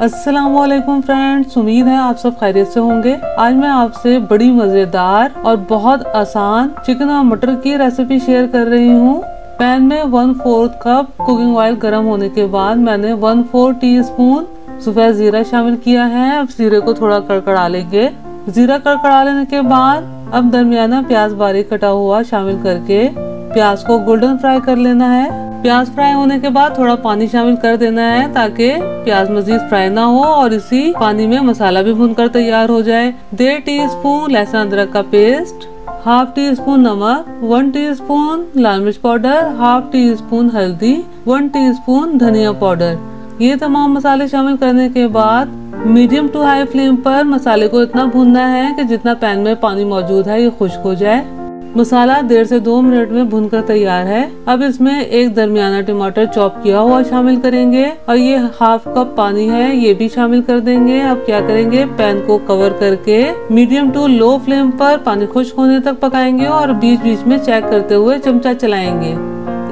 Aslam friends उम्मीद है आप सब खैरियत से होंगे आज मैं आपसे बड़ी मज़ेदार और बहुत आसान चिकन और मटर की रेसिपी शेयर कर रही हूँ पैन में one fourth cup cooking oil गर्म होने के बाद मैंने वन फोर टी स्पून सफ़ेद ज़ीरा शामिल किया है अब ज़ीरे को थोड़ा कड़कड़ा लेंगे ज़ीरा कड़कड़ा लेने के बाद अब दरमियाना प्याज बारीक कटा हुआ शामिल करके प्याज को गोल्डन फ्राई कर लेना है प्याज फ्राई होने के बाद थोड़ा पानी शामिल कर देना है ताकि प्याज मजीद फ्राई ना हो और इसी पानी में मसाला भी भून कर तैयार हो जाए डेढ़ टी स्पून लहसुन अदरक का पेस्ट हाफ टी स्पून नमक वन टी स्पून लाल मिर्च पाउडर हाफ टी स्पून हल्दी वन टी स्पून धनिया पाउडर ये तमाम मसाले शामिल करने के बाद मीडियम टू हाई फ्लेम पर मसाले को इतना भूनना है कि जितना पैन में पानी मौजूद है ये खुश्क हो जाए मसाला देर से दो मिनट में कर तैयार है अब इसमें एक दरमियाना टमाटर चॉप किया हुआ शामिल करेंगे और ये हाफ कप पानी है ये भी शामिल कर देंगे अब क्या करेंगे पैन को कवर करके मीडियम टू लो फ्लेम पर पानी खुश्क होने तक पकाएंगे और बीच बीच में चेक करते हुए चमचा चलाएंगे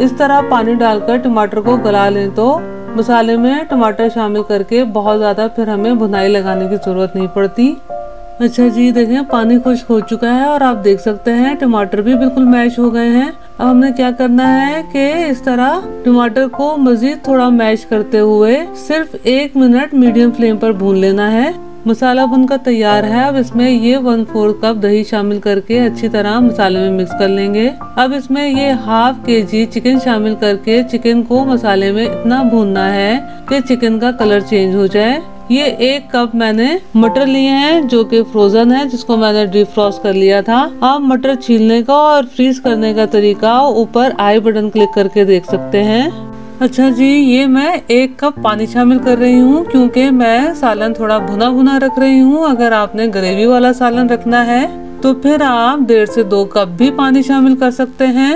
इस तरह पानी डालकर टमाटर को गला लें तो मसाले में टमाटर शामिल करके बहुत ज़्यादा फिर हमें भुनाई लगाने की ज़रूरत नहीं पड़ती अच्छा जी देखें पानी खुश हो चुका है और आप देख सकते हैं टमाटर भी बिल्कुल मैश हो गए हैं अब हमने क्या करना है कि इस तरह टमाटर को मजीद थोड़ा मैश करते हुए सिर्फ एक मिनट मीडियम फ्लेम पर भून लेना है मसाला बनकर तैयार है अब इसमें ये वन फोर कप दही शामिल करके अच्छी तरह मसाले में मिक्स कर लेंगे अब इसमें ये हाफ के जी चिकन शामिल करके चिकन को मसाले में इतना भूनना है कि चिकन का कलर चेंज हो जाए ये एक कप मैंने मटर लिए हैं जो कि फ्रोजन है जिसको मैंने डिफ्रॉस्ट कर लिया था आप मटर छीलने का और फ्रीज करने का तरीका ऊपर आई बटन क्लिक करके देख सकते हैं अच्छा जी ये मैं एक कप पानी शामिल कर रही हूँ क्योंकि मैं सालन थोड़ा भुना भुना रख रही हूँ अगर आपने ग्रेवी वाला सालन रखना है तो फिर आप डेढ़ से दो कप भी पानी शामिल कर सकते हैं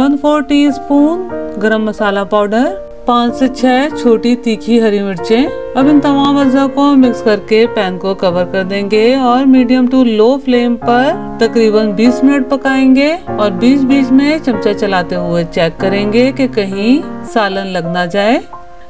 वन फोर टी स्पून गर्म मसाला पाउडर पाँच से छह छोटी तीखी हरी मिर्चें अब इन तमाम अज्जा को मिक्स करके पैन को कवर कर देंगे और मीडियम टू लो फ्लेम पर तकरीबन 20 मिनट पकाएंगे और बीच बीच में चमचा चलाते हुए चेक करेंगे कि कहीं सालन लग ना जाए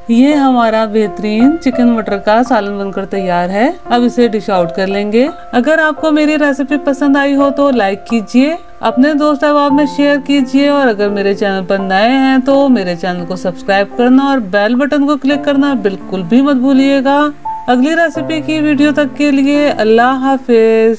ये हमारा बेहतरीन चिकन मटर का सालन बनकर तैयार है अब इसे डिश आउट कर लेंगे अगर आपको मेरी रेसिपी पसंद आई हो तो लाइक कीजिए अपने दोस्त अहबाब में शेयर कीजिए और अगर मेरे चैनल पर नए हैं तो मेरे चैनल को सब्सक्राइब करना और बेल बटन को क्लिक करना बिल्कुल भी मत भूलिएगा अगली रेसिपी की वीडियो तक के लिए अल्लाह हाफिज